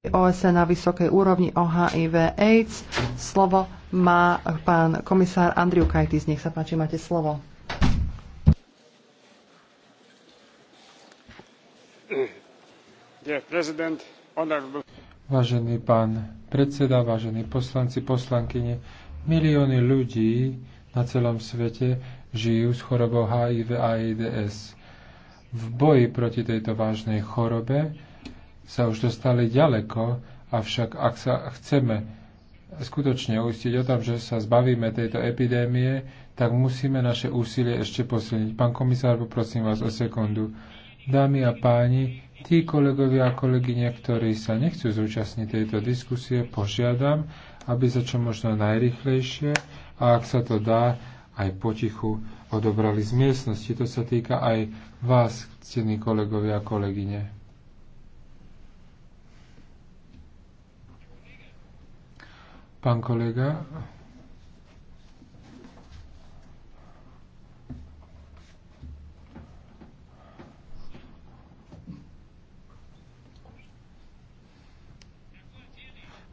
OSN e na vysokej úrovni o HIV AIDS. Slovo má pán komisár Andriu Kajtis. Nech sa páči, máte slovo. Vážený pán predseda, vážení poslanci, poslankyne, milióny ľudí na celom svete žijú s chorobou HIV a AIDS. V boji proti tejto vážnej chorobe sa už dostali ďaleko, avšak ak sa chceme skutočne uistiť o tom, že sa zbavíme tejto epidémie, tak musíme naše úsilie ešte posilniť. Pán komisár, poprosím vás o sekundu. Dámy a páni, tí kolegovia a kolegyne, ktorí sa nechcú zúčastniť tejto diskusie, požiadam, aby sa čo možno najrychlejšie a ak sa to dá, aj potichu odobrali z miestnosti. To sa týka aj vás, ctení kolegovia a kolegyne. Pán kolega,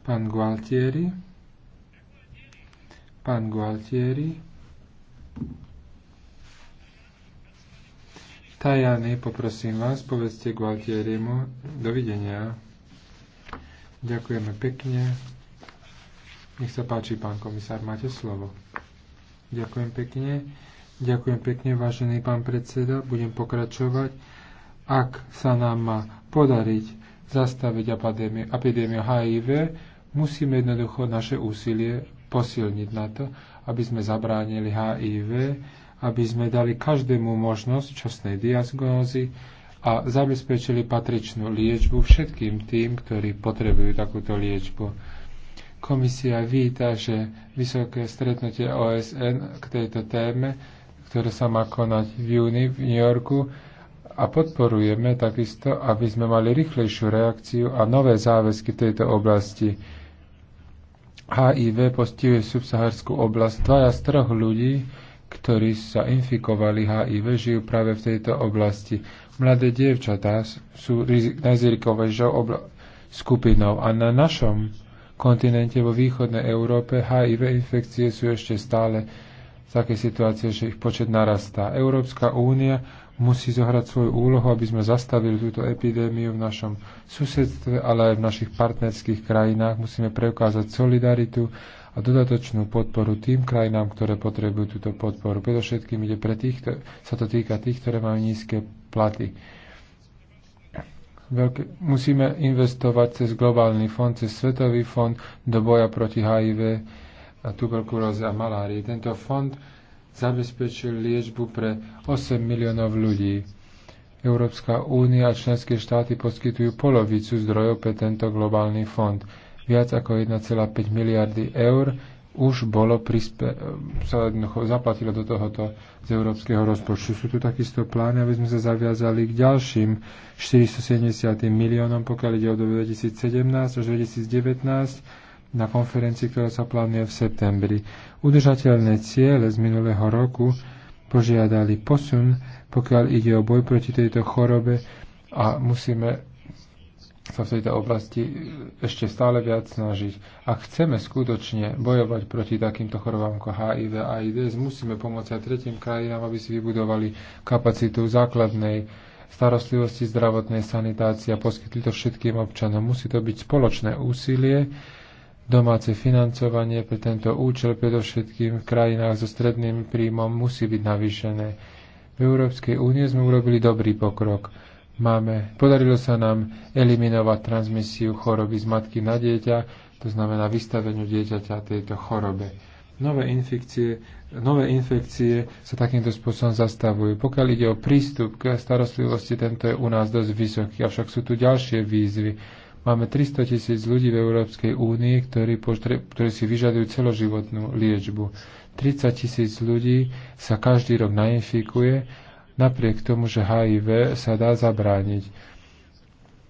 pán Gualtieri, pán Gualtieri, Tajany, poprosím vás, povedzte Gualtierimu, dovidenia. Ďakujeme pekne. Nech sa páči, pán komisár, máte slovo. Ďakujem pekne. Ďakujem pekne, vážený pán predseda. Budem pokračovať. Ak sa nám má podariť zastaviť epidémiu, HIV, musíme jednoducho naše úsilie posilniť na to, aby sme zabránili HIV, aby sme dali každému možnosť časnej diagnózy a zabezpečili patričnú liečbu všetkým tým, ktorí potrebujú takúto liečbu Komisia víta, že vysoké stretnutie OSN k tejto téme, ktoré sa má konať v júni v New Yorku, a podporujeme takisto, aby sme mali rýchlejšiu reakciu a nové záväzky v tejto oblasti. HIV postihuje subsaharskú oblasť. Dvaja z troch ľudí, ktorí sa infikovali HIV, žijú práve v tejto oblasti. Mladé dievčatá sú najzirikovejšou skupinou a na našom kontinente, vo východnej Európe HIV infekcie sú ešte stále v takej situácie, že ich počet narastá. Európska únia musí zohrať svoju úlohu, aby sme zastavili túto epidémiu v našom susedstve, ale aj v našich partnerských krajinách. Musíme preukázať solidaritu a dodatočnú podporu tým krajinám, ktoré potrebujú túto podporu. Predovšetkým ide pre tých, sa to týka tých, ktoré majú nízke platy veľké, musíme investovať cez globálny fond, cez Svetový fond do boja proti HIV a tuberkulóze a malárii. Tento fond zabezpečil liečbu pre 8 miliónov ľudí. Európska únia a členské štáty poskytujú polovicu zdrojov pre tento globálny fond. Viac ako 1,5 miliardy eur už bolo prispe- sa zaplatilo do tohoto z európskeho rozpočtu. Sú tu takisto plány, aby sme sa zaviazali k ďalším 470 miliónom, pokiaľ ide o 2017 až 2019 na konferencii, ktorá sa plánuje v septembri. Udržateľné ciele z minulého roku požiadali posun, pokiaľ ide o boj proti tejto chorobe a musíme sa v tejto oblasti ešte stále viac snažiť. Ak chceme skutočne bojovať proti takýmto chorobám ako HIV a AIDS, musíme pomôcť aj tretím krajinám, aby si vybudovali kapacitu základnej starostlivosti zdravotnej sanitácie a poskytli to všetkým občanom. Musí to byť spoločné úsilie, domáce financovanie pre tento účel, predovšetkým v krajinách so stredným príjmom, musí byť navýšené. V Európskej únie sme urobili dobrý pokrok máme, podarilo sa nám eliminovať transmisiu choroby z matky na dieťa, to znamená vystaveniu dieťaťa tejto chorobe. Nové infekcie, nové infekcie sa takýmto spôsobom zastavujú. Pokiaľ ide o prístup k starostlivosti, tento je u nás dosť vysoký, avšak sú tu ďalšie výzvy. Máme 300 tisíc ľudí v Európskej únii, ktorí, ktorí si vyžadujú celoživotnú liečbu. 30 tisíc ľudí sa každý rok nainfikuje napriek tomu, že HIV sa dá zabrániť.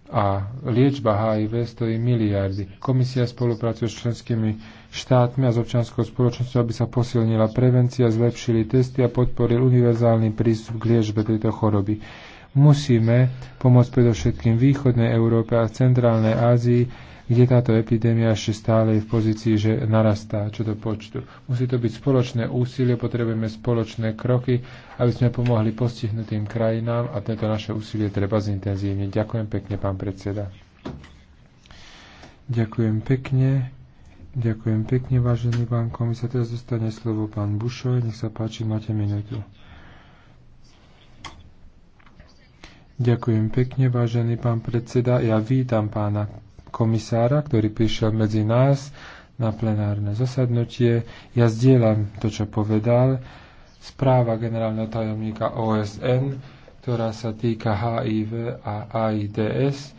A liečba HIV stojí miliardy. Komisia spolupracuje s členskými štátmi a s občianskou spoločnosťou, aby sa posilnila prevencia, zlepšili testy a podporil univerzálny prístup k liečbe tejto choroby musíme pomôcť predovšetkým východnej Európe a centrálnej Ázii, kde táto epidémia ešte stále je v pozícii, že narastá čo do počtu. Musí to byť spoločné úsilie, potrebujeme spoločné kroky, aby sme pomohli postihnutým krajinám a tento naše úsilie treba zintenzívniť. Ďakujem pekne, pán predseda. Ďakujem pekne. Ďakujem pekne, vážený pán komisár. Teraz dostane slovo pán Bušo. Nech sa páči, máte minútu. Ďakujem pekne, vážený pán predseda. Ja vítam pána komisára, ktorý prišiel medzi nás na plenárne zasadnutie. Ja zdieľam to, čo povedal. Správa generálneho tajomníka OSN, ktorá sa týka HIV a AIDS,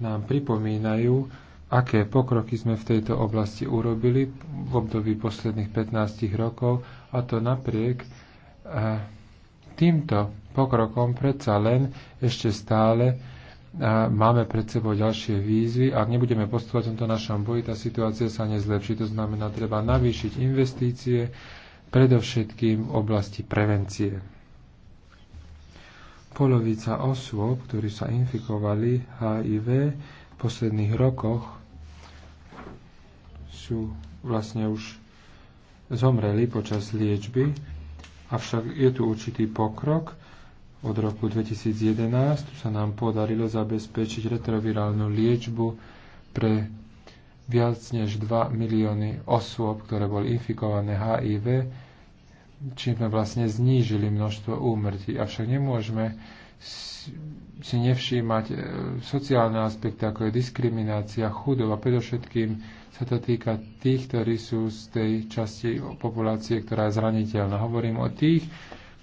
nám pripomínajú, aké pokroky sme v tejto oblasti urobili v období posledných 15 rokov a to napriek eh, týmto pokrokom predsa len ešte stále máme pred sebou ďalšie výzvy. Ak nebudeme postupovať v tomto našom boji, tá situácia sa nezlepší. To znamená, treba navýšiť investície, predovšetkým v oblasti prevencie. Polovica osôb, ktorí sa infikovali HIV v posledných rokoch, sú vlastne už zomreli počas liečby, avšak je tu určitý pokrok od roku 2011. Tu sa nám podarilo zabezpečiť retrovirálnu liečbu pre viac než 2 milióny osôb, ktoré boli infikované HIV, čím sme vlastne znížili množstvo úmrtí. Avšak nemôžeme si nevšímať e, sociálne aspekty, ako je diskriminácia, chudoba. Predovšetkým sa to týka tých, ktorí sú z tej časti populácie, ktorá je zraniteľná. Hovorím o tých,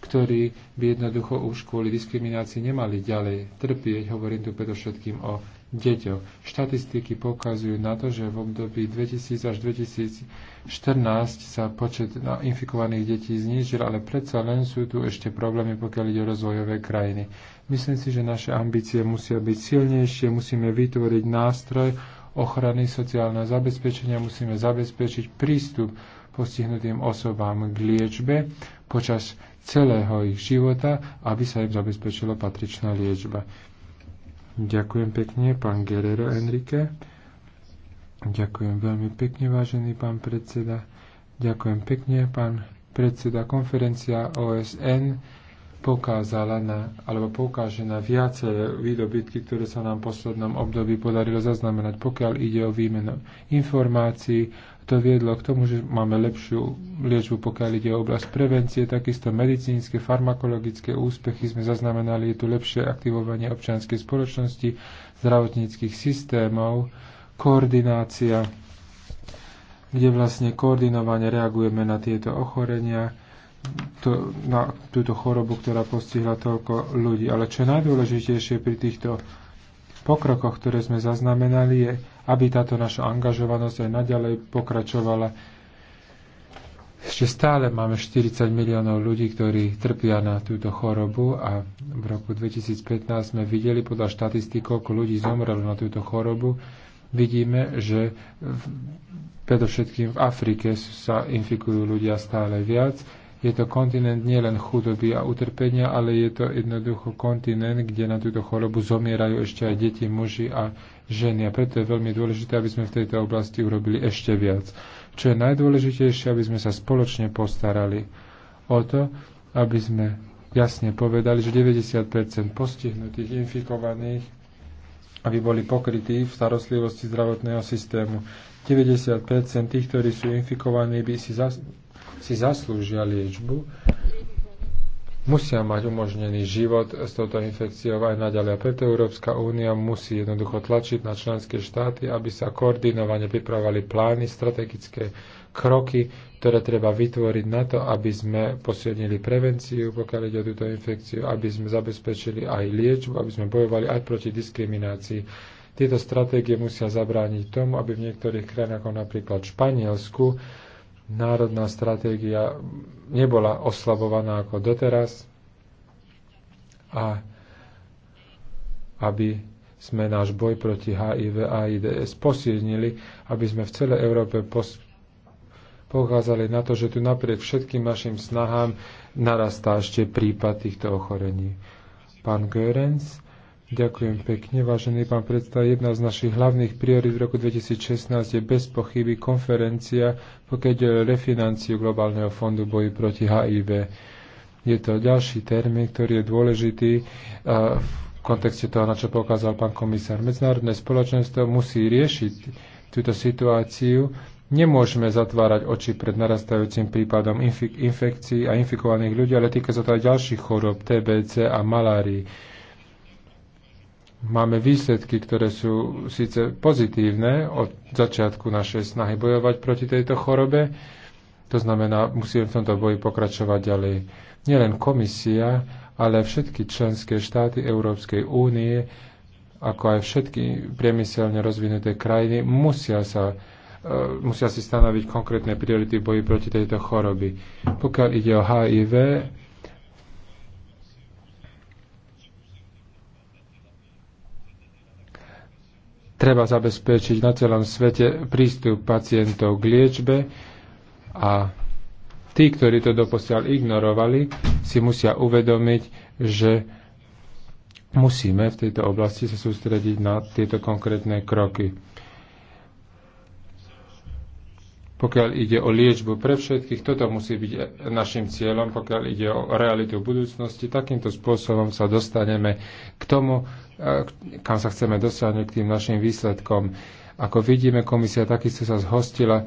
ktorí by jednoducho už kvôli diskriminácii nemali ďalej trpieť. Hovorím tu predovšetkým o deťoch. Štatistiky pokazujú na to, že v období 2000 až 2014 sa počet infikovaných detí znížil, ale predsa len sú tu ešte problémy, pokiaľ ide o rozvojové krajiny. Myslím si, že naše ambície musia byť silnejšie, musíme vytvoriť nástroj ochrany sociálneho zabezpečenia, musíme zabezpečiť prístup postihnutým osobám k liečbe počas celého ich života, aby sa im zabezpečila patričná liečba. Ďakujem pekne, pán Guerrero Enrique. Ďakujem veľmi pekne, vážený pán predseda. Ďakujem pekne, pán predseda. Konferencia OSN pokázala na, alebo poukáže na viaceré výdobytky, ktoré sa nám v poslednom období podarilo zaznamenať, pokiaľ ide o výmenu informácií, to viedlo k tomu, že máme lepšiu liečbu, pokiaľ ide o oblasť prevencie, takisto medicínske, farmakologické úspechy sme zaznamenali, je tu lepšie aktivovanie občianskej spoločnosti, zdravotníckých systémov, koordinácia, kde vlastne koordinovane reagujeme na tieto ochorenia, to, na túto chorobu, ktorá postihla toľko ľudí. Ale čo najdôležitejšie pri týchto pokrokoch, ktoré sme zaznamenali, je aby táto naša angažovanosť aj naďalej pokračovala. Ešte stále máme 40 miliónov ľudí, ktorí trpia na túto chorobu a v roku 2015 sme videli podľa štatistík, koľko ľudí zomrelo na túto chorobu. Vidíme, že v, predovšetkým v Afrike sa infikujú ľudia stále viac. Je to kontinent nielen chudoby a utrpenia, ale je to jednoducho kontinent, kde na túto chorobu zomierajú ešte aj deti, muži a ženy. A preto je veľmi dôležité, aby sme v tejto oblasti urobili ešte viac. Čo je najdôležitejšie, aby sme sa spoločne postarali o to, aby sme jasne povedali, že 90 postihnutých, infikovaných, aby boli pokrytí v starostlivosti zdravotného systému. 90 tých, ktorí sú infikovaní, by si, zas, si zaslúžia liečbu musia mať umožnený život s touto infekciou aj naďalej. A preto Európska únia musí jednoducho tlačiť na členské štáty, aby sa koordinovane pripravovali plány, strategické kroky, ktoré treba vytvoriť na to, aby sme posilnili prevenciu, pokiaľ ide o túto infekciu, aby sme zabezpečili aj liečbu, aby sme bojovali aj proti diskriminácii. Tieto stratégie musia zabrániť tomu, aby v niektorých krajinách, ako napríklad Španielsku, národná stratégia nebola oslabovaná ako doteraz a aby sme náš boj proti HIV a AIDS posilnili, aby sme v celej Európe pos- poukázali na to, že tu napriek všetkým našim snahám narastá ešte prípad týchto ochorení. Pán Görens, Ďakujem pekne. Vážený pán predseda, jedna z našich hlavných priorít v roku 2016 je bez pochyby konferencia, pokiaľ ide o refinanciu Globálneho fondu boji proti HIV. Je to ďalší termín, ktorý je dôležitý v kontexte toho, na čo pokázal pán komisár. Medzinárodné spoločenstvo musí riešiť túto situáciu. Nemôžeme zatvárať oči pred narastajúcim prípadom infek- infekcií a infikovaných ľudí, ale týka sa to aj ďalších chorób, TBC a malárii máme výsledky, ktoré sú síce pozitívne od začiatku našej snahy bojovať proti tejto chorobe. To znamená, musíme v tomto boji pokračovať ďalej. Nielen komisia, ale všetky členské štáty Európskej únie, ako aj všetky priemyselne rozvinuté krajiny, musia, sa, e, musia si stanoviť konkrétne priority v boji proti tejto choroby. Pokiaľ ide o HIV, Treba zabezpečiť na celom svete prístup pacientov k liečbe a tí, ktorí to doposiaľ ignorovali, si musia uvedomiť, že musíme v tejto oblasti sa sústrediť na tieto konkrétne kroky. Pokiaľ ide o liečbu pre všetkých, toto musí byť našim cieľom. Pokiaľ ide o realitu budúcnosti, takýmto spôsobom sa dostaneme k tomu, E, kam sa chceme dosiahnuť k tým našim výsledkom. Ako vidíme, komisia takisto sa zhostila e,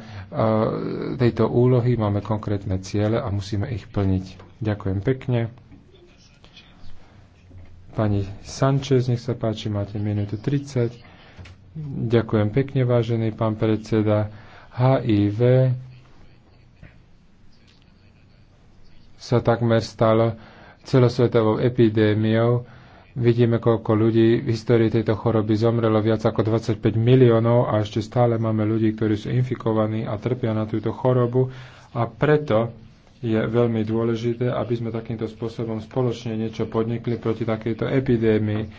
tejto úlohy, máme konkrétne ciele a musíme ich plniť. Ďakujem pekne. Pani Sanchez, nech sa páči, máte minútu 30. Ďakujem pekne, vážený pán predseda. HIV sa takmer stalo celosvetovou epidémiou Vidíme, koľko ľudí v histórii tejto choroby zomrelo viac ako 25 miliónov a ešte stále máme ľudí, ktorí sú infikovaní a trpia na túto chorobu a preto je veľmi dôležité, aby sme takýmto spôsobom spoločne niečo podnikli proti takejto epidémii.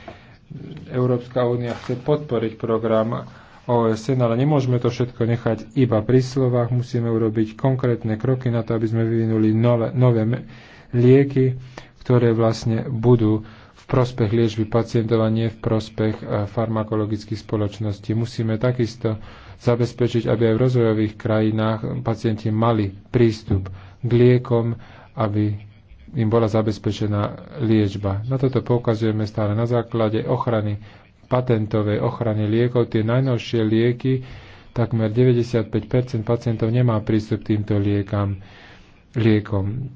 Európska únia chce podporiť program OSN, ale nemôžeme to všetko nechať iba pri slovách, musíme urobiť konkrétne kroky na to, aby sme vyvinuli nové, nové lieky, ktoré vlastne budú prospech liečby pacientov a nie v prospech eh, farmakologických spoločností. Musíme takisto zabezpečiť, aby aj v rozvojových krajinách pacienti mali prístup k liekom, aby im bola zabezpečená liečba. Na toto poukazujeme stále na základe ochrany patentovej ochrany liekov. Tie najnovšie lieky, takmer 95% pacientov nemá prístup k týmto liekam, liekom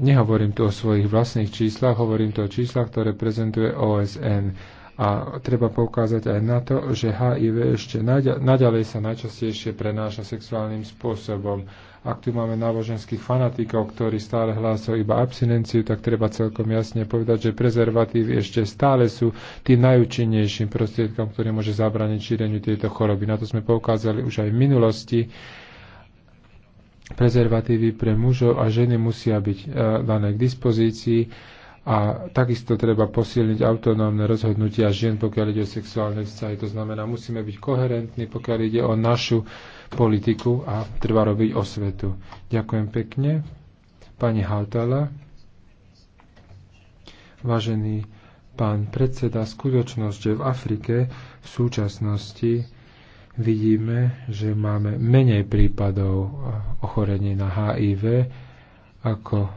nehovorím tu o svojich vlastných číslach, hovorím tu o číslach, ktoré prezentuje OSN. A treba poukázať aj na to, že HIV ešte naďalej sa najčastejšie prenáša sexuálnym spôsobom. Ak tu máme náboženských fanatikov, ktorí stále hlásajú iba abstinenciu, tak treba celkom jasne povedať, že prezervatívy ešte stále sú tým najúčinnejším prostriedkom, ktorý môže zabrániť šíreniu tejto choroby. Na to sme poukázali už aj v minulosti prezervatívy pre mužov a ženy musia byť e, dané k dispozícii a takisto treba posilniť autonómne rozhodnutia žien, pokiaľ ide o sexuálne vzťahy. To znamená, musíme byť koherentní, pokiaľ ide o našu politiku a treba robiť osvetu. Ďakujem pekne. Pani Haltala. vážený pán predseda, skutočnosť, že v Afrike v súčasnosti vidíme, že máme menej prípadov ochorení na HIV ako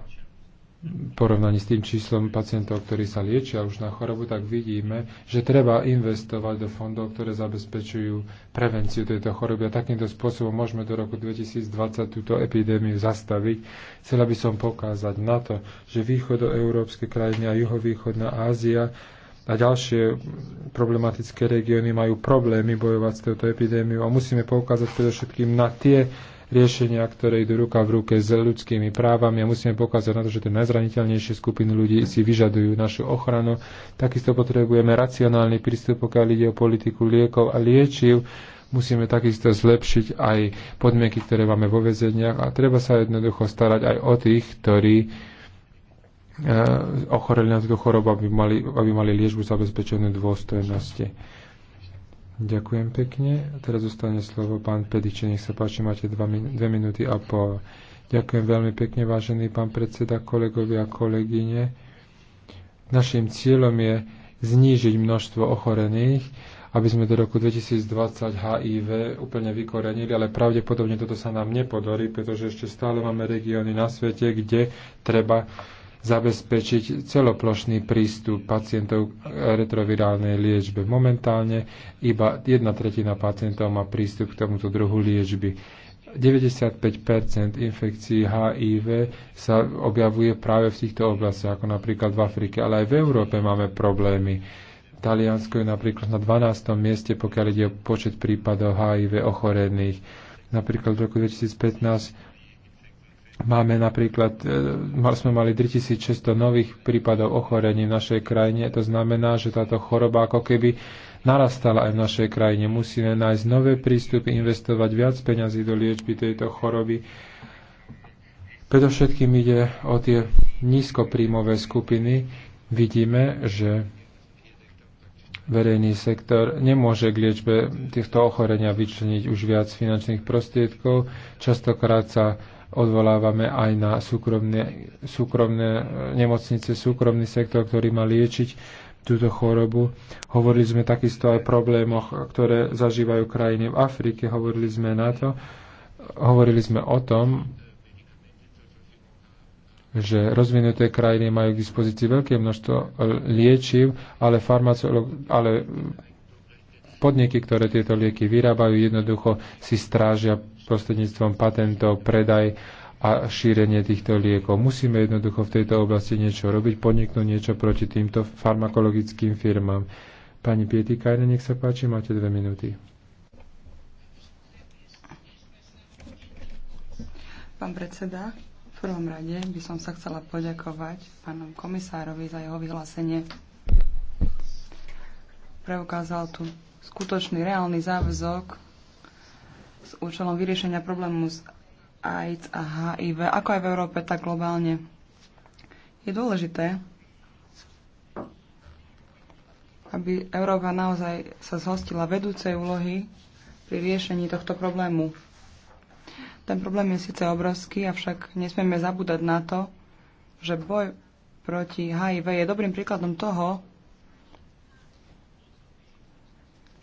porovnaní s tým číslom pacientov, ktorí sa liečia už na chorobu, tak vidíme, že treba investovať do fondov, ktoré zabezpečujú prevenciu tejto choroby a takýmto spôsobom môžeme do roku 2020 túto epidémiu zastaviť. Chcela by som pokázať na to, že východoeurópske krajiny a juhovýchodná Ázia a ďalšie problematické regióny majú problémy bojovať s touto epidémiou a musíme poukázať predovšetkým na tie riešenia, ktoré idú ruka v ruke s ľudskými právami a musíme pokázať na to, že tie najzraniteľnejšie skupiny ľudí si vyžadujú našu ochranu. Takisto potrebujeme racionálny prístup, pokiaľ ide o politiku liekov a liečiv. Musíme takisto zlepšiť aj podmienky, ktoré máme vo väzeniach a treba sa jednoducho starať aj o tých, ktorí Eh, ochoreli na túto chorobu, aby mali, aby mali liežbu zabezpečenú dôstojnosti. Ďakujem pekne. Teraz zostane slovo pán Pediče. Nech sa páči, máte dve minúty a po. Ďakujem veľmi pekne, vážený pán predseda, kolegovia a kolegyne. Našim cieľom je znížiť množstvo ochorených, aby sme do roku 2020 HIV úplne vykorenili, ale pravdepodobne toto sa nám nepodarí, pretože ešte stále máme regióny na svete, kde treba zabezpečiť celoplošný prístup pacientov k retrovirálnej liečbe. Momentálne iba jedna tretina pacientov má prístup k tomuto druhu liečby. 95 infekcií HIV sa objavuje práve v týchto oblastiach, ako napríklad v Afrike, ale aj v Európe máme problémy. Taliansko je napríklad na 12. mieste, pokiaľ ide o počet prípadov HIV ochorených. Napríklad v roku 2015 Máme napríklad, e, sme mali 3600 nových prípadov ochorení v našej krajine. To znamená, že táto choroba ako keby narastala aj v našej krajine. Musíme nájsť nové prístupy, investovať viac peňazí do liečby tejto choroby. Predovšetkým ide o tie nízkopríjmové skupiny. Vidíme, že verejný sektor nemôže k liečbe týchto ochorenia vyčleniť už viac finančných prostriedkov. Častokrát sa odvolávame aj na súkromné, súkromné nemocnice, súkromný sektor, ktorý má liečiť túto chorobu. Hovorili sme takisto aj o problémoch, ktoré zažívajú krajiny v Afrike. Hovorili sme na to, hovorili sme o tom, že rozvinuté krajiny majú k dispozícii veľké množstvo liečiv, ale, ale podniky, ktoré tieto lieky vyrábajú, jednoducho si strážia prostredníctvom patentov, predaj a šírenie týchto liekov. Musíme jednoducho v tejto oblasti niečo robiť, podniknúť niečo proti týmto farmakologickým firmám. Pani Pietikajne, nech sa páči, máte dve minúty. Pán predseda, v prvom rade by som sa chcela poďakovať pánom komisárovi za jeho vyhlásenie. Preukázal tu skutočný, reálny záväzok s účelom vyriešenia problému s AIDS a HIV, ako aj v Európe, tak globálne. Je dôležité, aby Európa naozaj sa zhostila vedúcej úlohy pri riešení tohto problému. Ten problém je síce obrovský, avšak nesmieme zabúdať na to, že boj proti HIV je dobrým príkladom toho,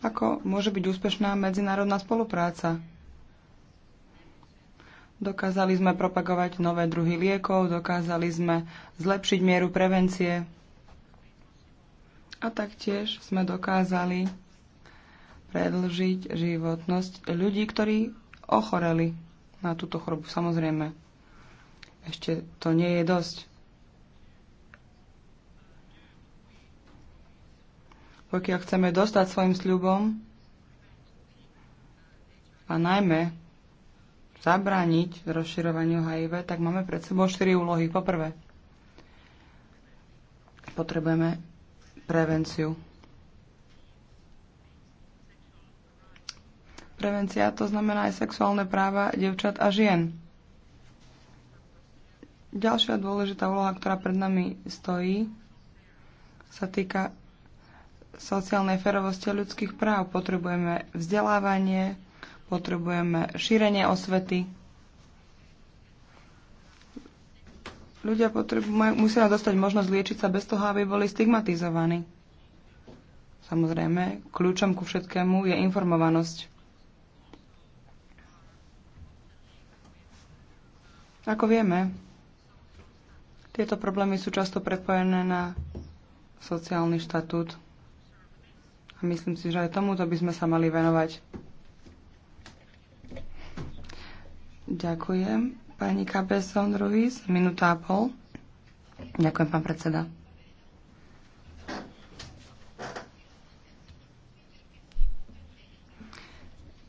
ako môže byť úspešná medzinárodná spolupráca. Dokázali sme propagovať nové druhy liekov, dokázali sme zlepšiť mieru prevencie a taktiež sme dokázali predlžiť životnosť ľudí, ktorí ochoreli na túto chorobu. Samozrejme, ešte to nie je dosť. Pokiaľ chceme dostať svojim sľubom, a najmä zabrániť rozširovaniu HIV, tak máme pred sebou štyri úlohy. Poprvé, potrebujeme prevenciu. Prevencia to znamená aj sexuálne práva devčat a žien. Ďalšia dôležitá úloha, ktorá pred nami stojí, sa týka sociálnej ferovosti a ľudských práv. Potrebujeme vzdelávanie, potrebujeme šírenie osvety. Ľudia potrebujú, musia dostať možnosť liečiť sa bez toho, aby boli stigmatizovaní. Samozrejme, kľúčom ku všetkému je informovanosť. Ako vieme, tieto problémy sú často prepojené na sociálny štatút. A myslím si, že aj tomuto by sme sa mali venovať. Ďakujem. Pani Cabezon Ruiz, minúta a pol. Ďakujem, pán predseda.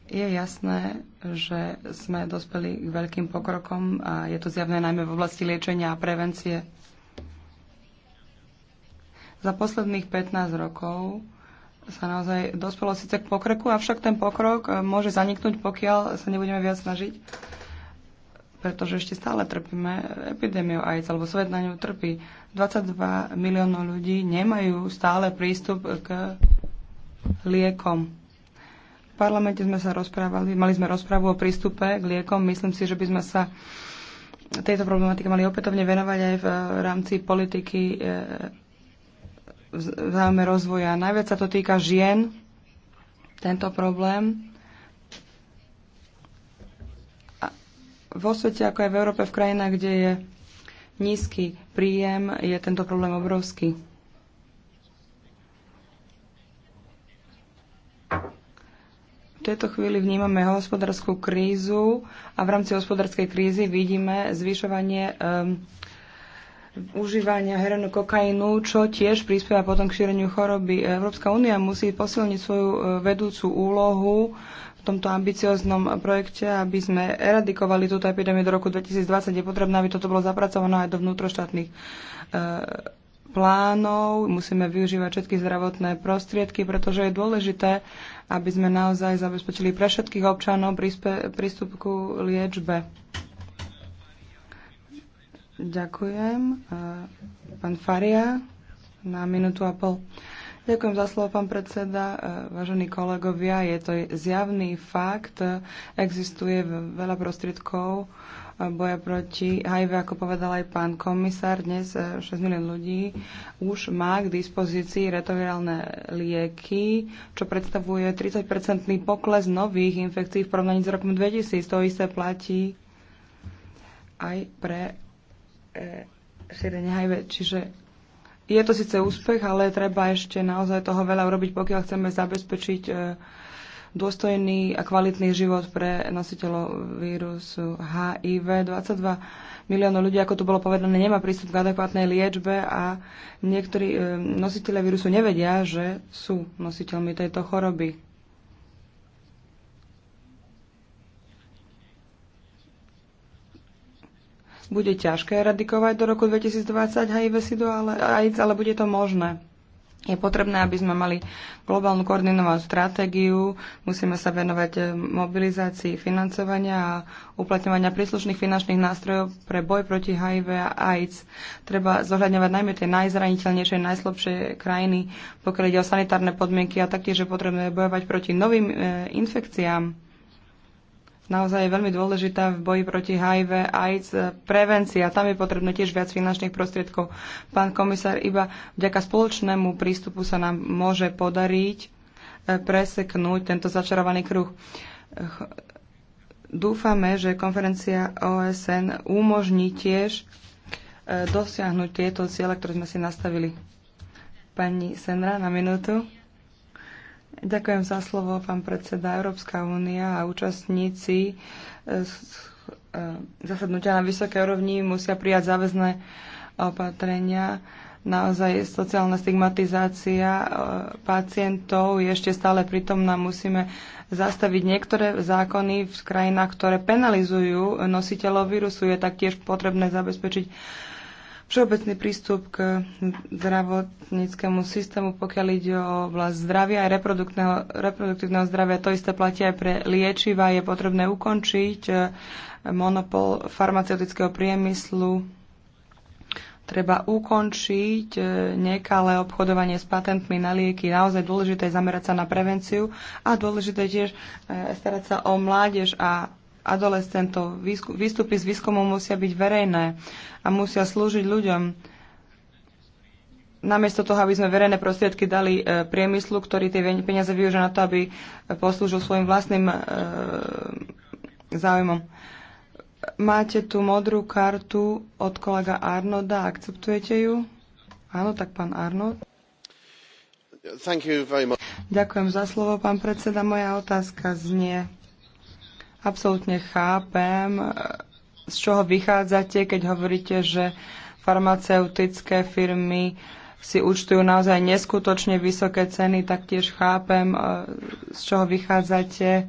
Je jasné, že sme dospeli k veľkým pokrokom a je to zjavné najmä v oblasti liečenia a prevencie. Za posledných 15 rokov sa naozaj dospelo síce k pokroku, avšak ten pokrok môže zaniknúť, pokiaľ sa nebudeme viac snažiť pretože ešte stále trpíme epidémiou AIDS, alebo svet na ňu trpí. 22 miliónov ľudí nemajú stále prístup k liekom. V parlamente sme sa rozprávali, mali sme rozprávu o prístupe k liekom. Myslím si, že by sme sa tejto problematike mali opätovne venovať aj v rámci politiky e, v záujme rozvoja. Najviac sa to týka žien, tento problém. vo svete, ako aj v Európe, v krajinách, kde je nízky príjem, je tento problém obrovský. V tejto chvíli vnímame hospodárskú krízu a v rámci hospodárskej krízy vidíme zvyšovanie um, užívania herenu kokainu, čo tiež prispieva potom k šíreniu choroby. Európska únia musí posilniť svoju e, vedúcu úlohu v tomto ambicioznom projekte, aby sme eradikovali túto epidémiu do roku 2020. Je potrebné, aby toto bolo zapracované aj do vnútroštátnych e, plánov. Musíme využívať všetky zdravotné prostriedky, pretože je dôležité, aby sme naozaj zabezpečili pre všetkých občanov prístup ku liečbe. Ďakujem. E, pán Faria na minútu a pol. Ďakujem za slovo, pán predseda. E, vážení kolegovia, je to zjavný fakt. Existuje veľa prostriedkov e, boja proti HIV, ako povedal aj pán komisár. Dnes 6 milión ľudí už má k dispozícii retovirálne lieky, čo predstavuje 30-percentný pokles nových infekcií v porovnaní s rokom 2000. To isté platí aj pre šírenie e, HIV. Čiže je to síce úspech, ale treba ešte naozaj toho veľa urobiť, pokiaľ chceme zabezpečiť e, dôstojný a kvalitný život pre nositeľov vírusu HIV. 22 miliónov ľudí, ako tu bolo povedané, nemá prístup k adekvátnej liečbe a niektorí e, nositeľe vírusu nevedia, že sú nositeľmi tejto choroby. Bude ťažké eradikovať do roku 2020 HIV SIDU, ale, AIDS, ale bude to možné. Je potrebné, aby sme mali globálnu koordinovanú stratégiu, musíme sa venovať eh, mobilizácii financovania a uplatňovania príslušných finančných nástrojov pre boj proti HIV a AIDS. Treba zohľadňovať najmä tie najzraniteľnejšie, najslabšie krajiny, pokiaľ ide o sanitárne podmienky a taktiež je potrebné bojovať proti novým e, infekciám naozaj je veľmi dôležitá v boji proti HIV, AIDS, prevencia. Tam je potrebné tiež viac finančných prostriedkov. Pán komisár, iba vďaka spoločnému prístupu sa nám môže podariť e, preseknúť tento začarovaný kruh. Dúfame, že konferencia OSN umožní tiež e, dosiahnuť tieto ciele, ktoré sme si nastavili. Pani Senra, na minútu. Ďakujem za slovo, pán predseda. Európska únia a účastníci eh, eh, zasadnutia na vysokej úrovni musia prijať záväzné eh, opatrenia. Naozaj sociálna stigmatizácia pacientov je ešte stále pritomná. Musíme zastaviť niektoré zákony v krajinách, ktoré penalizujú nositeľov vírusu. Je taktiež potrebné zabezpečiť všeobecný prístup k zdravotníckému systému, pokiaľ ide o vlast zdravia a reproduktívneho zdravia. To isté platí aj pre liečiva. Je potrebné ukončiť eh, monopol farmaceutického priemyslu. Treba ukončiť eh, nekalé obchodovanie s patentmi na lieky. Naozaj dôležité je zamerať sa na prevenciu a dôležité tiež eh, starať sa o mládež a adolescentov. Výstupy z výskumu musia byť verejné a musia slúžiť ľuďom namiesto toho, aby sme verejné prostriedky dali e, priemyslu, ktorý tie peniaze využia na to, aby e, poslúžil svojim vlastným e, záujmom. Máte tu modrú kartu od kolega Arnoda, akceptujete ju? Áno, tak pán Arnold. Ďakujem za slovo, pán predseda. Moja otázka znie absolútne chápem, e, z čoho vychádzate, keď hovoríte, že farmaceutické firmy si účtujú naozaj neskutočne vysoké ceny, tak tiež chápem, e, z čoho vychádzate,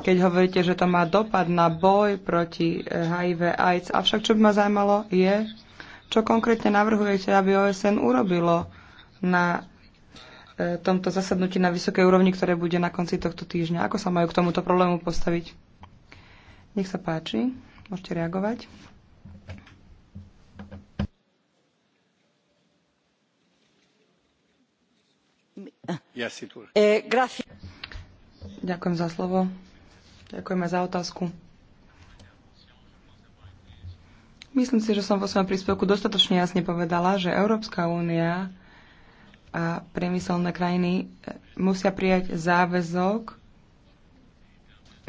keď hovoríte, že to má dopad na boj proti e, HIV AIDS. Avšak čo by ma zaujímalo je, čo konkrétne navrhujete, aby OSN urobilo na tomto zasadnutí na vysokej úrovni, ktoré bude na konci tohto týždňa. Ako sa majú k tomuto problému postaviť? Nech sa páči, môžete reagovať. E, Ďakujem za slovo. Ďakujeme za otázku. Myslím si, že som vo svojom príspevku dostatočne jasne povedala, že Európska únia a priemyselné krajiny e, musia prijať záväzok,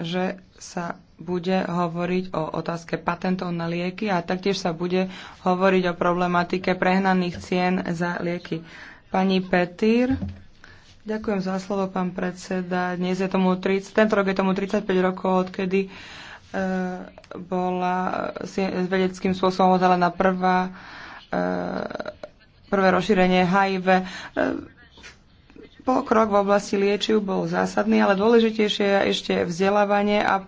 že sa bude hovoriť o otázke patentov na lieky a taktiež sa bude hovoriť o problematike prehnaných cien za lieky. Pani Petýr, ďakujem za slovo, pán predseda. Dnes je tomu 30, tento rok je tomu 35 rokov, odkedy e, bola vedeckým spôsobom odhalená prvá, e, prvé rozšírenie HIV. E, Pokrok v oblasti liečiv bol zásadný, ale dôležitejšie je ešte vzdelávanie a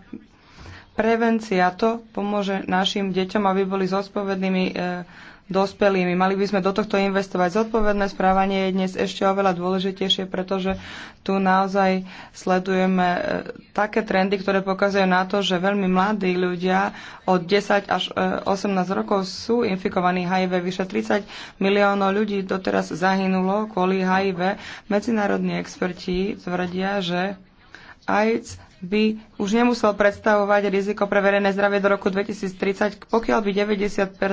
prevencia to pomôže našim deťom, aby boli zodpovednými e, dospelými. Mali by sme do tohto investovať. Zodpovedné správanie je dnes ešte oveľa dôležitejšie, pretože tu naozaj sledujeme e, také trendy, ktoré pokazujú na to, že veľmi mladí ľudia od 10 až e, 18 rokov sú infikovaní HIV. Vyše 30 miliónov ľudí doteraz zahynulo kvôli HIV. Medzinárodní experti tvrdia, že AIDS by už nemusel predstavovať riziko pre verejné zdravie do roku 2030, pokiaľ by 90 e,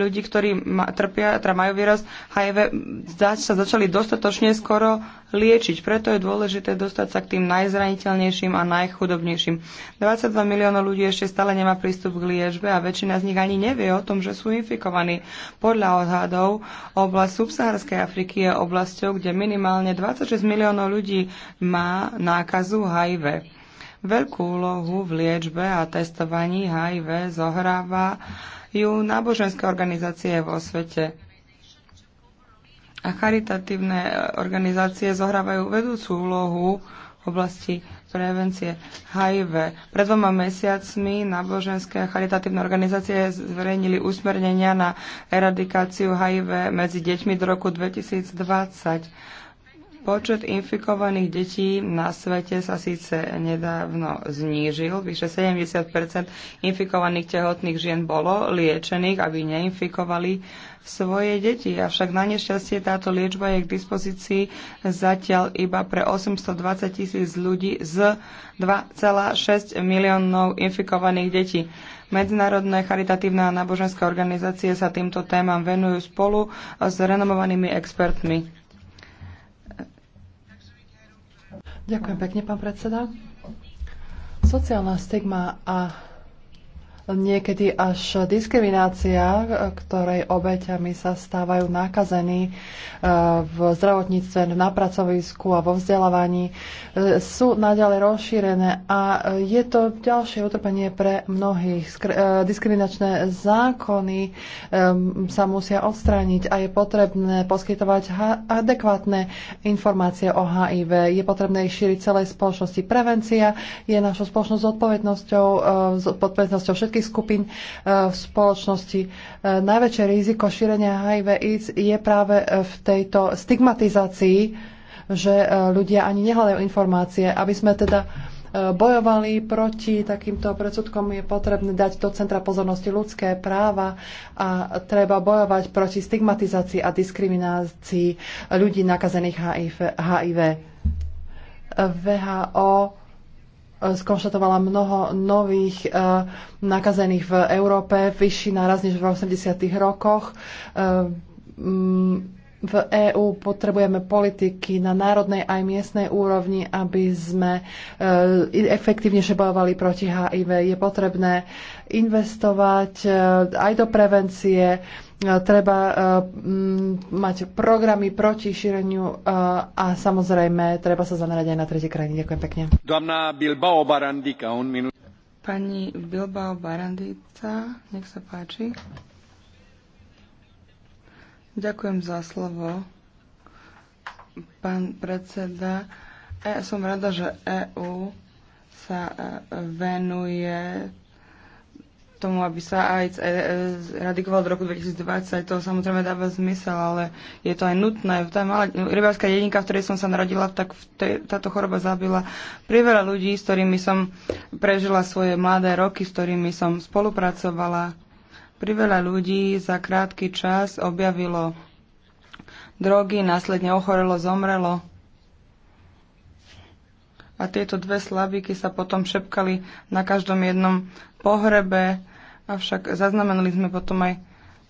ľudí, ktorí trpia, teda majú vírus HIV, sa začali dostatočne skoro liečiť. Preto je dôležité dostať sa k tým najzraniteľnejším a najchudobnejším. 22 miliónov ľudí ešte stále nemá prístup k liečbe a väčšina z nich ani nevie o tom, že sú infikovaní. Podľa odhadov oblasť subsaharskej Afriky je oblasťou, kde minimálne 26 miliónov ľudí má nákazu HIV Veľkú úlohu v liečbe a testovaní HIV zohrávajú náboženské organizácie vo svete. A charitatívne e, organizácie zohrávajú vedúcu úlohu v oblasti prevencie HIV. Pred dvoma mesiacmi náboženské a charitatívne organizácie zverejnili usmernenia na eradikáciu HIV medzi deťmi do roku 2020 Počet infikovaných detí na svete sa síce nedávno znížil, vyše 70 infikovaných tehotných žien bolo liečených, aby neinfikovali svoje deti. Avšak na nešťastie táto liečba je k dispozícii zatiaľ iba pre 820 tisíc ľudí z 2,6 miliónov infikovaných detí. Medzinárodné charitatívne a náboženské organizácie sa týmto témam venujú spolu s renomovanými expertmi. Ďakujem pekne, pán predseda. Sociálna stigma a niekedy až diskriminácia, ktorej obeťami sa stávajú nákazení eh, v zdravotníctve, na pracovisku a vo vzdelávaní, eh, sú naďalej rozšírené a eh, je to ďalšie utrpenie pre mnohých. Diskriminačné zákony sa musia odstrániť a je potrebné poskytovať adekvátne informácie o HIV. Je potrebné ich šíriť celej spoločnosti. Prevencia je našou spoločnosť s odpovednosťou všetkých všetkých skupín e, v spoločnosti. E, najväčšie riziko šírenia HIV AIDS je práve e, v tejto stigmatizácii, že ľudia ani nehľadajú informácie. Aby sme teda bojovali proti takýmto predsudkom, je potrebné dať do centra pozornosti ľudské práva a treba bojovať proti stigmatizácii a diskriminácii ľudí nakazených HIV. VHO E, skonštatovala mnoho nových e, nakazených v Európe, vyšší náraz než v 80. rokoch. E, v EÚ potrebujeme politiky na národnej aj miestnej úrovni, aby sme efektívnejšie bojovali proti HIV. Je potrebné investovať aj do prevencie, treba e, mať programy proti šíreniu e, a samozrejme treba sa zamerať aj na tretie krajiny. Ďakujem pekne. Dámna Bilbao Barandika, un minút. Pani Bilbao Barandica, nech sa páči. Ďakujem za slovo, pán predseda. Ja e, som rada, že EÚ sa venuje tomu, aby sa AIDS e, radikoval do roku 2020. To samozrejme dáva zmysel, ale je to aj nutné. Tá malá rybárska dedinka, v ktorej som sa narodila, tak te, táto choroba zabila priveľa ľudí, s ktorými som prežila svoje mladé roky, s ktorými som spolupracovala. Priveľa ľudí za krátky čas objavilo drogy, následne ochorelo, zomrelo a tieto dve slabiky sa potom šepkali na každom jednom pohrebe Avšak zaznamenali sme potom aj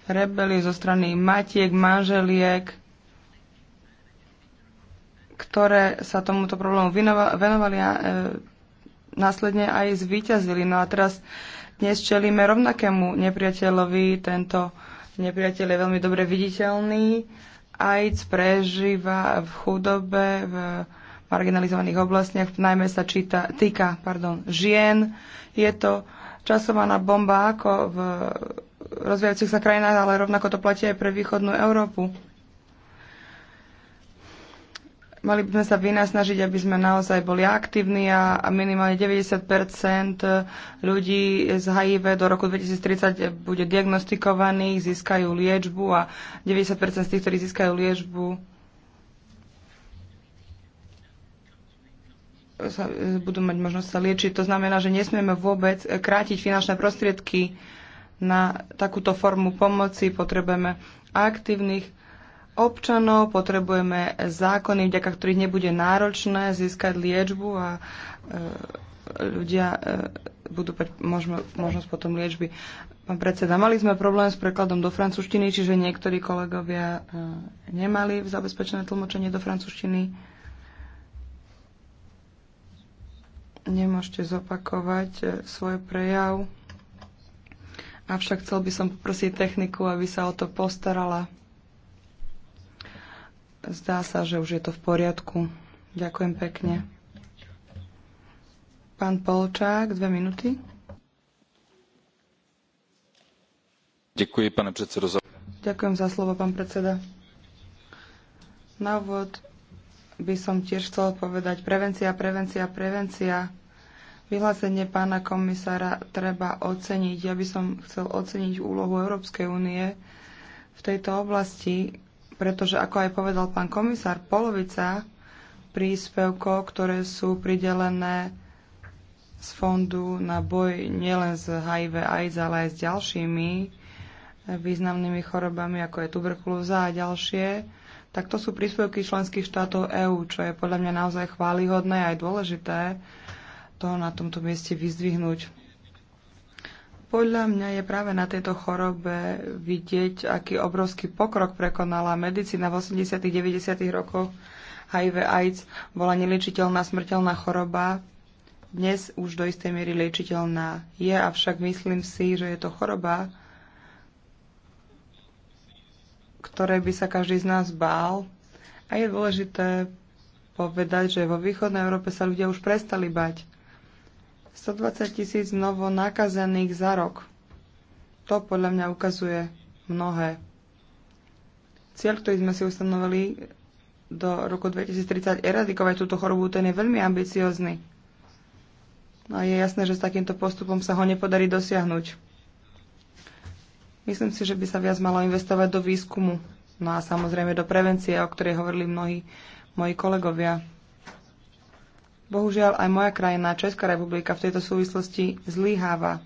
rebelie zo strany matiek, manželiek, ktoré sa tomuto problému venovali a e, následne aj zvíťazili. No a teraz dnes čelíme rovnakému nepriateľovi. Tento nepriateľ je veľmi dobre viditeľný. AIDS prežíva v chudobe, v marginalizovaných oblastiach, najmä sa číta, týka pardon, žien. Je to časovaná bomba ako v rozvíjajúcich sa krajinách, ale rovnako to platí aj pre východnú Európu. Mali by sme sa vynasnažiť, aby sme naozaj boli aktívni a, minimálne 90 ľudí z HIV do roku 2030 bude diagnostikovaných, získajú liečbu a 90 z tých, ktorí získajú liečbu, sa, e, budú mať možnosť sa liečiť. To znamená, že nesmieme vôbec krátiť finančné prostriedky na takúto formu pomoci. Potrebujeme aktívnych občanov, potrebujeme zákony, vďaka ktorých nebude náročné získať liečbu a e, ľudia e, budú mať možno, možnosť potom liečby. Pán predseda, mali sme problém s prekladom do francúzštiny, čiže niektorí kolegovia e, nemali zabezpečené tlmočenie do francúzštiny. nemôžete zopakovať e, svoj prejav, avšak chcel by som poprosiť techniku, aby sa o to postarala. Zdá sa, že už je to v poriadku. Ďakujem pekne. Pán Polčák, dve minúty. Ďakujem, pane predsedo. Ďakujem za slovo, pán predseda. Na úvod by som tiež chcel povedať prevencia, prevencia, prevencia. Vyhlásenie pána komisára treba oceniť. Ja by som chcel oceniť úlohu Európskej únie v tejto oblasti, pretože, ako aj povedal pán komisár, polovica príspevkov, ktoré sú pridelené z fondu na boj nielen s HIV AIDS, ale aj s ďalšími významnými chorobami, ako je tuberkulóza a ďalšie, tak to sú príspevky členských štátov EÚ, čo je podľa mňa naozaj chválihodné a aj dôležité to na tomto mieste vyzdvihnúť. Podľa mňa je práve na tejto chorobe vidieť, aký obrovský pokrok prekonala medicína v 80. 90. rokoch. HIV AIDS bola neliečiteľná smrteľná choroba, dnes už do istej miery liečiteľná je, avšak myslím si, že je to choroba, ktoré by sa každý z nás bál. A je dôležité povedať, že vo východnej Európe sa ľudia už prestali bať. 120 tisíc novo nakazených za rok. To podľa mňa ukazuje mnohé. Cieľ, ktorý sme si ustanovili do roku 2030 eradikovať túto chorobu, ten je veľmi ambiciózny. No a je jasné, že s takýmto postupom sa ho nepodarí dosiahnuť. Myslím si, že by sa viac malo investovať do výskumu. No a samozrejme do prevencie, o ktorej hovorili mnohí moji kolegovia. Bohužiaľ aj moja krajina, Česká republika, v tejto súvislosti zlyháva.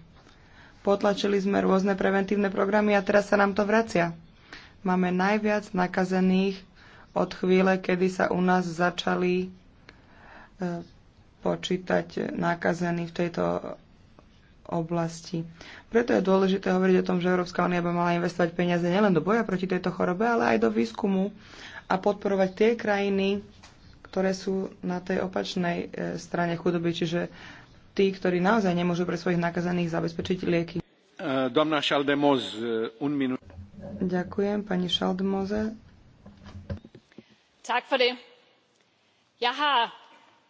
Potlačili sme rôzne preventívne programy a teraz sa nám to vracia. Máme najviac nakazených od chvíle, kedy sa u nás začali e, počítať nakazení v tejto oblasti. Preto je dôležité hovoriť o tom, že Európska únia by mala investovať peniaze nielen do boja proti tejto chorobe, ale aj do výskumu a podporovať tie krajiny, ktoré sú na tej opačnej e, strane chudoby, čiže tí, ktorí naozaj nemôžu pre svojich nakazaných zabezpečiť lieky. E, doamna Šaldemoz, e, un minút. Ďakujem, pani Šaldemoze. Tak for det. Jeg har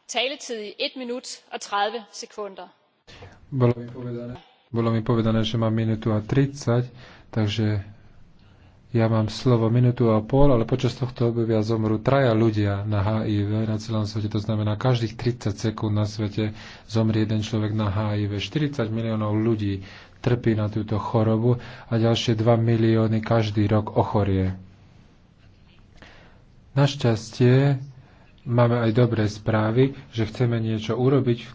taletid i 1 minut og 30 sekunder. Bolo mi povedané, bolo mi povedané že mám minútu a 30, takže ja mám slovo minútu a pol, ale počas tohto obdobia zomru traja ľudia na HIV na celom svete. To znamená, každých 30 sekúnd na svete zomrie jeden človek na HIV. 40 miliónov ľudí trpí na túto chorobu a ďalšie 2 milióny každý rok ochorie. Našťastie máme aj dobré správy, že chceme niečo urobiť v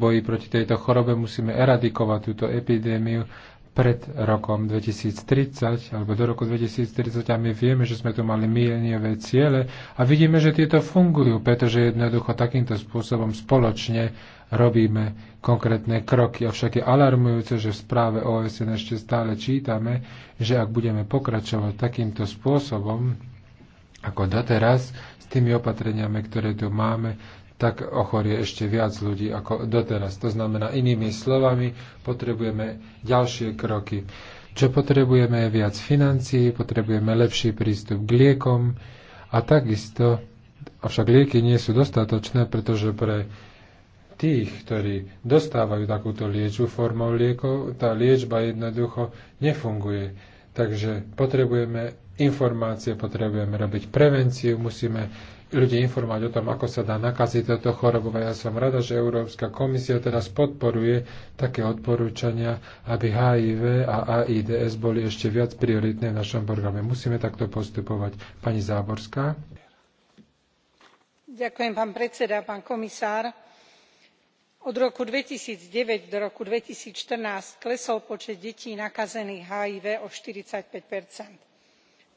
boji proti tejto chorobe, musíme eradikovať túto epidémiu pred rokom 2030 alebo do roku 2030 a my vieme, že sme tu mali mileniové ciele a vidíme, že tieto fungujú, pretože jednoducho takýmto spôsobom spoločne robíme konkrétne kroky. Avšak je alarmujúce, že v správe OSN ešte stále čítame, že ak budeme pokračovať takýmto spôsobom ako doteraz, tými opatreniami, ktoré tu máme, tak ochorie ešte viac ľudí ako doteraz. To znamená, inými slovami, potrebujeme ďalšie kroky. Čo potrebujeme je viac financií, potrebujeme lepší prístup k liekom a takisto, avšak lieky nie sú dostatočné, pretože pre tých, ktorí dostávajú takúto liečbu formou liekov, tá liečba jednoducho nefunguje. Takže potrebujeme informácie, potrebujeme robiť prevenciu, musíme ľudí informovať o tom, ako sa dá nakaziť toto chorobou. Ja som rada, že Európska komisia teraz podporuje také odporúčania, aby HIV a AIDS boli ešte viac prioritné v našom programe. Musíme takto postupovať. Pani Záborská. Ďakujem, pán predseda, pán komisár. Od roku 2009 do roku 2014 klesol počet detí nakazených HIV o 45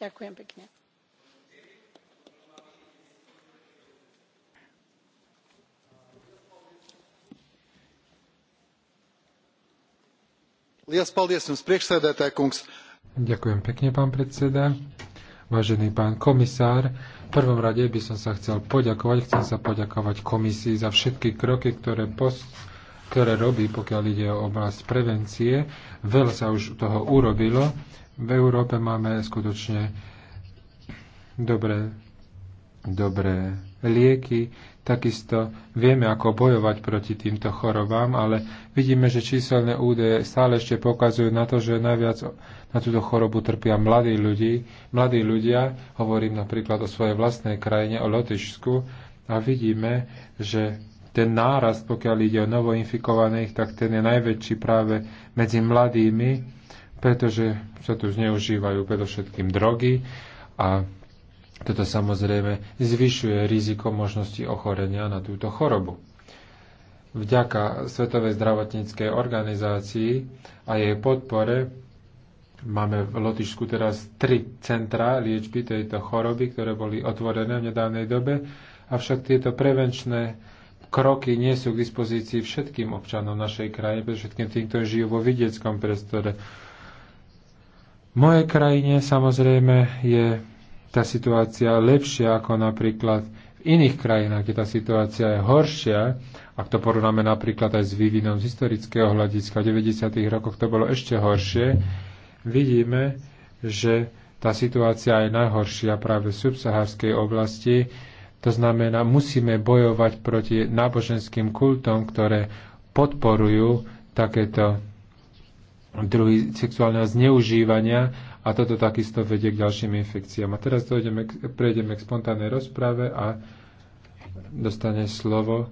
ďakujem pekne. Ďakujem pekne, pán predseda. Vážený pán komisár, v prvom rade by som sa chcel poďakovať, chcem sa poďakovať komisii za všetky kroky, ktoré post ktoré robí, pokiaľ ide o oblasť prevencie. Veľa sa už toho urobilo. V Európe máme skutočne dobré, dobré lieky, takisto vieme, ako bojovať proti týmto chorobám, ale vidíme, že číselné údaje stále ešte pokazujú na to, že najviac na túto chorobu trpia mladí, ľudí, mladí ľudia. Hovorím napríklad o svojej vlastnej krajine, o Lotyšsku, a vidíme, že ten nárast, pokiaľ ide o novoinfikovaných, tak ten je najväčší práve medzi mladými, pretože sa tu zneužívajú predovšetkým drogy a toto samozrejme zvyšuje riziko možnosti ochorenia na túto chorobu. Vďaka Svetovej zdravotníckej organizácii a jej podpore Máme v Lotyšsku teraz tri centra liečby tejto choroby, ktoré boli otvorené v nedávnej dobe, avšak tieto prevenčné kroky nie sú k dispozícii všetkým občanom našej krajiny, všetkým tým, ktorí žijú vo vidieckom priestore. V mojej krajine samozrejme je tá situácia lepšia ako napríklad v iných krajinách, kde tá situácia je horšia, ak to porovnáme napríklad aj s vývinom z historického hľadiska, v 90. rokoch to bolo ešte horšie, vidíme, že tá situácia je najhoršia práve v subsahárskej oblasti, to znamená, musíme bojovať proti náboženským kultom, ktoré podporujú takéto druhy sexuálneho zneužívania a toto takisto vedie k ďalším infekciám. A teraz dojdeme, prejdeme k spontánnej rozprave a dostane slovo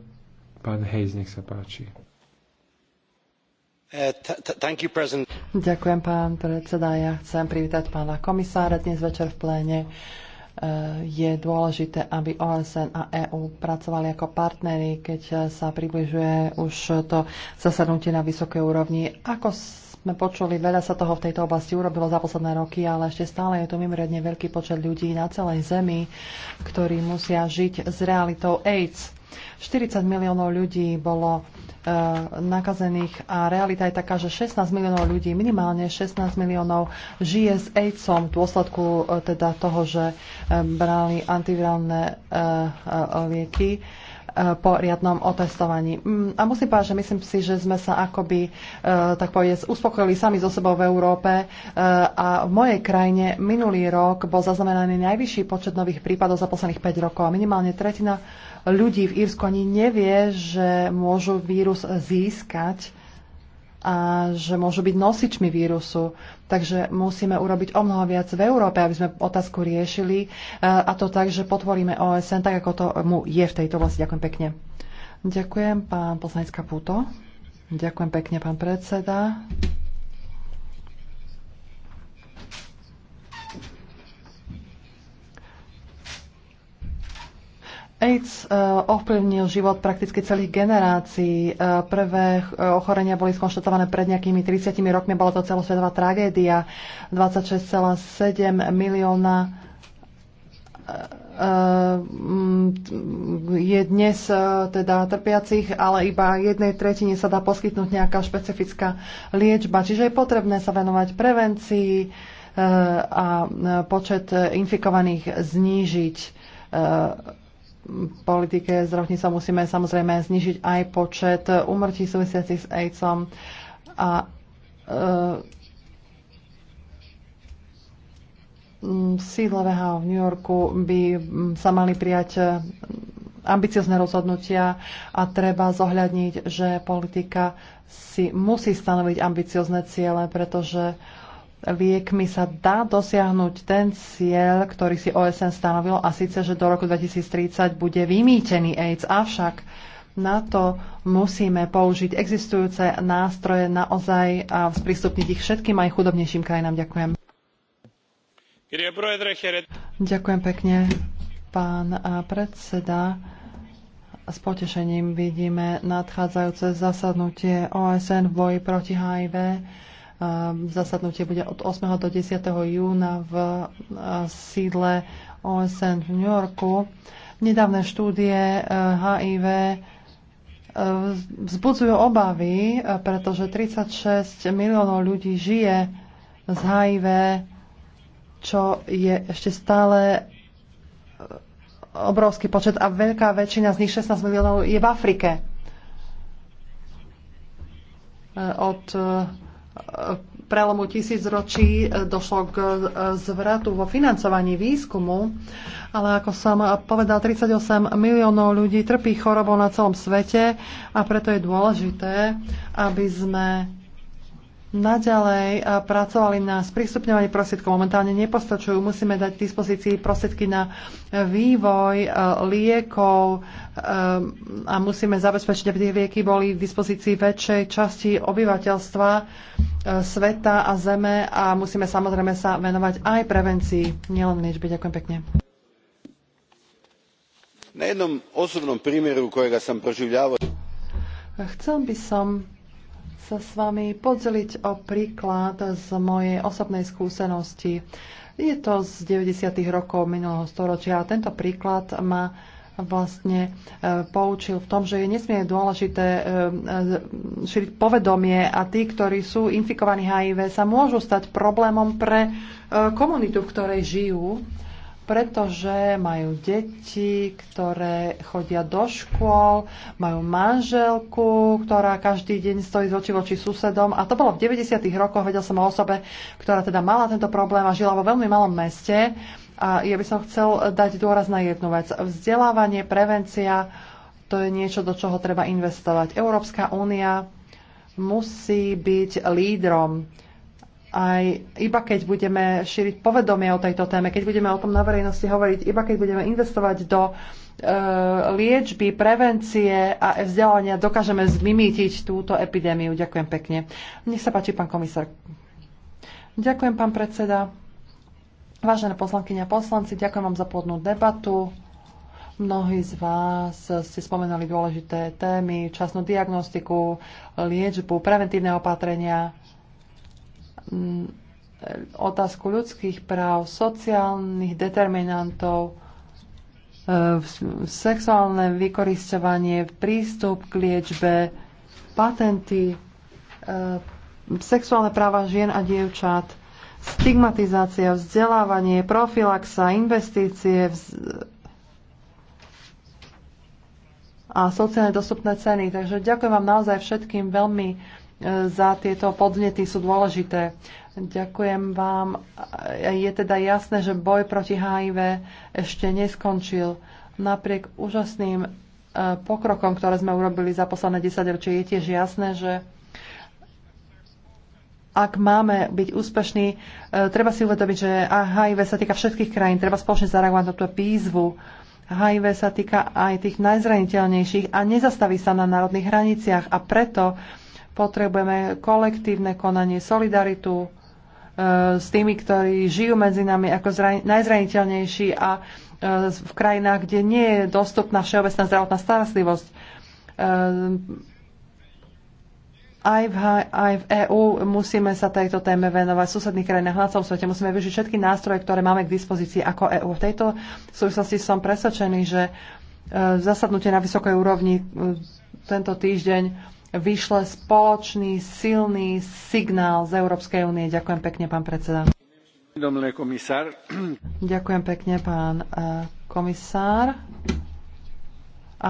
pán Hejz, nech sa páči. Eh, you, Ďakujem, pán predseda. Ja chcem privítať pána komisára dnes večer v pléne je dôležité, aby OSN a EU pracovali ako partnery, keď sa približuje už to zasadnutie na vysokej úrovni. Ako sme počuli, veľa sa toho v tejto oblasti urobilo za posledné roky, ale ešte stále je tu mimoriadne veľký počet ľudí na celej Zemi, ktorí musia žiť s realitou AIDS 40 miliónov ľudí bolo e, nakazených a realita je taká, že 16 miliónov ľudí, minimálne 16 miliónov žije s AIDSom v dôsledku e, teda toho, že e, brali antivirálne lieky po riadnom otestovaní. Mm, a musím povedať, že myslím si, že sme sa akoby, e, tak povedať, uspokojili sami so sebou v Európe e, a v mojej krajine minulý rok bol zaznamenaný najvyšší počet nových prípadov za posledných 5 rokov a minimálne tretina ľudí v Írsku ani nevie, že môžu vírus získať a že môžu byť nosičmi vírusu. Takže musíme urobiť o mnoho viac v Európe, aby sme otázku riešili e, a to tak, že potvoríme OSN tak, ako to mu je v tejto vlasti. Ďakujem pekne. Ďakujem, pán poslanecká puto. Ďakujem pekne, pán predseda. AIDS eh, ovplyvnil život prakticky celých generácií. Eh, prvé eh, ochorenia boli skonštatované pred nejakými 30 rokmi, bola to celosvetová tragédia. 26,7 milióna je dnes teda trpiacich, ale iba jednej tretine sa dá poskytnúť nejaká špecifická liečba. Čiže je potrebné sa venovať prevencii a počet infikovaných znížiť politike zdravotníctva musíme samozrejme znižiť aj počet umrtí súvisiacich s AIDSom a uh, sídle VHO v New Yorku by sa mali prijať ambiciozne rozhodnutia a treba zohľadniť, že politika si musí stanoviť ambiciozne ciele, pretože liekmi sa dá dosiahnuť ten cieľ, ktorý si OSN stanovil, a síce, že do roku 2030 bude vymýtený AIDS. Avšak na to musíme použiť existujúce nástroje naozaj a sprístupniť ich všetkým aj chudobnejším krajinám. Ďakujem. Ďakujem pekne, pán predseda. S potešením vidíme nadchádzajúce zasadnutie OSN v boji proti HIV Ehm, zasadnutie bude od 8. do 10. júna v e, sídle OSN v New Yorku. Nedávne štúdie e, HIV e, vzbudzujú obavy, pretože 36 miliónov ľudí žije z HIV, čo je ešte stále obrovský počet a veľká väčšina z nich, 16 miliónov, je v Afrike. Od prelomu tisícročí e, došlo k e, zvratu vo financovaní výskumu, ale ako som povedal, 38 miliónov ľudí trpí chorobou na celom svete a preto je dôležité, aby sme naďalej pracovali na sprístupňovaní prostriedkov. Momentálne nepostačujú. Musíme dať k dispozícii prostriedky na e, vývoj e, liekov e, a musíme zabezpečiť, aby tie lieky boli k dispozícii väčšej časti obyvateľstva sveta a zeme a musíme samozrejme sa venovať aj prevencii, nielen liečbe. Ďakujem pekne. Na jednom osobnom primjeru kojega sam proživljavao... Chcel by som sa s vami podeliť o príklad z mojej osobnej skúsenosti. Je to z 90. rokov minulého storočia a tento príklad ma vlastne e, poučil v tom, že je nesmierne dôležité e, e, šíriť povedomie a tí, ktorí sú infikovaní HIV, sa môžu stať problémom pre komunitu, v ktorej žijú pretože majú deti, ktoré chodia do škôl, majú manželku, ktorá každý deň stojí z oči voči susedom. A to bolo v 90. rokoch, vedel som o osobe, ktorá teda mala tento problém a žila vo veľmi malom meste. A ja by som chcel dať dôraz na jednu vec. Vzdelávanie, prevencia, to je niečo, do čoho treba investovať. Európska únia musí byť lídrom aj iba keď budeme šíriť povedomie o tejto téme, keď budeme o tom na verejnosti hovoriť, iba keď budeme investovať do e, liečby, prevencie a vzdelania, dokážeme zmimitiť túto epidémiu. Ďakujem pekne. Nech sa páči, pán komisár. Ďakujem, pán predseda. Vážené poslankyne a poslanci, ďakujem vám za plodnú debatu. Mnohí z vás ste spomenali dôležité témy, časnú diagnostiku, liečbu, preventívne opatrenia Mm, otázku ľudských práv, sociálnych determinantov, e, sexuálne vykoristovanie, prístup k liečbe, patenty, e, sexuálne práva žien a dievčat, stigmatizácia, vzdelávanie, profilaxa, investície vz... a sociálne dostupné ceny. Takže ďakujem vám naozaj všetkým veľmi za tieto podnety sú dôležité. Ďakujem vám. Je teda jasné, že boj proti HIV ešte neskončil. Napriek úžasným e, pokrokom, ktoré sme urobili za posledné 10 ročie, je tiež jasné, že ak máme byť úspešní, e, treba si uvedomiť, že HIV sa týka všetkých krajín, treba spoločne zareagovať na túto výzvu. HIV sa týka aj tých najzraniteľnejších a nezastaví sa na národných hraniciach a preto uh, Potrebujeme kolektívne konanie, solidaritu e, s tými, ktorí žijú medzi nami ako najzraniteľnejší a e, v krajinách, kde nie je dostupná všeobecná zdravotná starostlivosť. E, aj v, aj v EÚ musíme sa tejto téme venovať. V susedných krajinách na celom svete musíme využiť všetky nástroje, ktoré máme k dispozícii ako EÚ. V tejto súvislosti som presvedčený, že zasadnutie na vysokej úrovni tento týždeň vyšle spoločný silný signál z Európskej únie. Ďakujem pekne, pán predseda. Ďakujem pekne, pán eh, komisár.